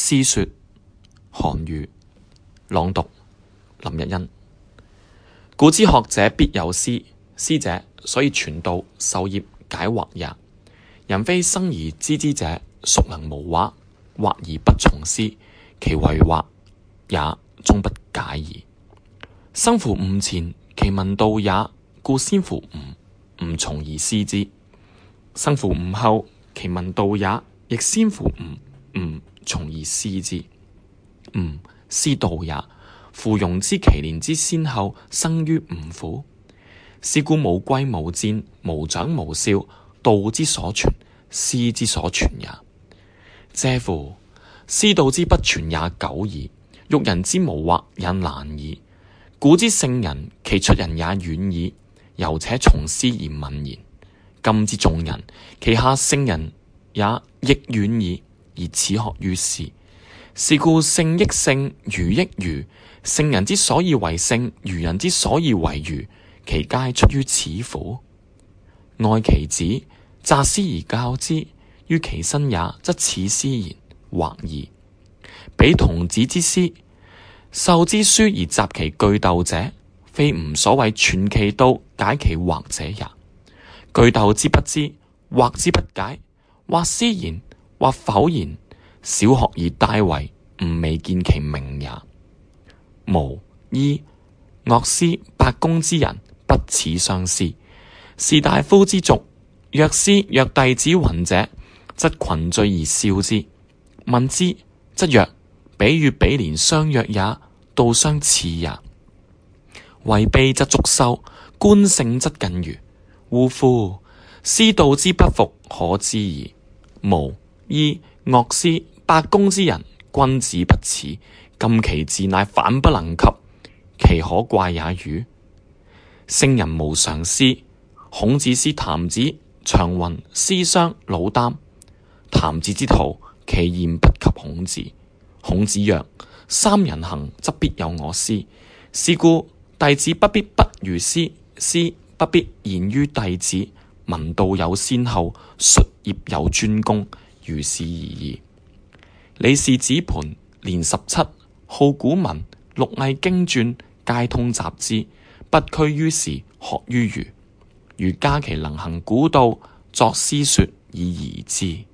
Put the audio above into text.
師說，韓愈，朗讀林日恩。古之學者必有師，師者所以傳道授業解惑也。人非生而知之者，孰能無惑？惑而不從師，其為惑也，終不解矣。生乎吾前，其聞道也固先乎吾，吾從而師之；生乎吾後，其聞道也亦先乎吾，吾而師之，吾師道也。夫庸之其年之先後，生於吾乎？是故無貴無賤，無長無少，道之所存，師之所存也。嗟乎！師道之不傳也久矣，欲人之無惑也難矣。古之聖人，其出人也遠矣，猶且從師而問焉；今之眾人，其下聖人也亦遠矣。而此恥學於師聖聖，是故聖益聖，愚益愚。聖人之所以為聖，愚人之所以為愚，其皆出於此乎？愛其子，擇師而教之，於其身也，則恥師焉，惑矣。彼童子之師，授之書而習其句讀者，非吾所謂傳其道解其惑者也。句讀之不知，惑之不解，或師焉。或不焉，小學而大遺，吾未見其明也。巫醫樂師百工之人，不恥相師；士大夫之族。若師若弟子云者，則群聚而笑之。問之，則曰：彼與彼年相若也，道相似也。位卑則足羞，官盛則近諛。嗚呼，師道之不復可知矣。無。二樂師百工之人，君子不恥。今其志乃反不能及，其可怪也與？聖人無常師，孔子師郯子、長雲、師相、老擔。郯子之徒，其言不及孔子。孔子曰：三人行，則必有我師。是故弟子不必不如師，師不必賢於弟子。聞道有先後，術業有專攻。如是而已。李氏子盤年十七，好古文，六藝經傳皆通習之。不拘於時，學於余。余嘉其能行古道，作師說以疑之。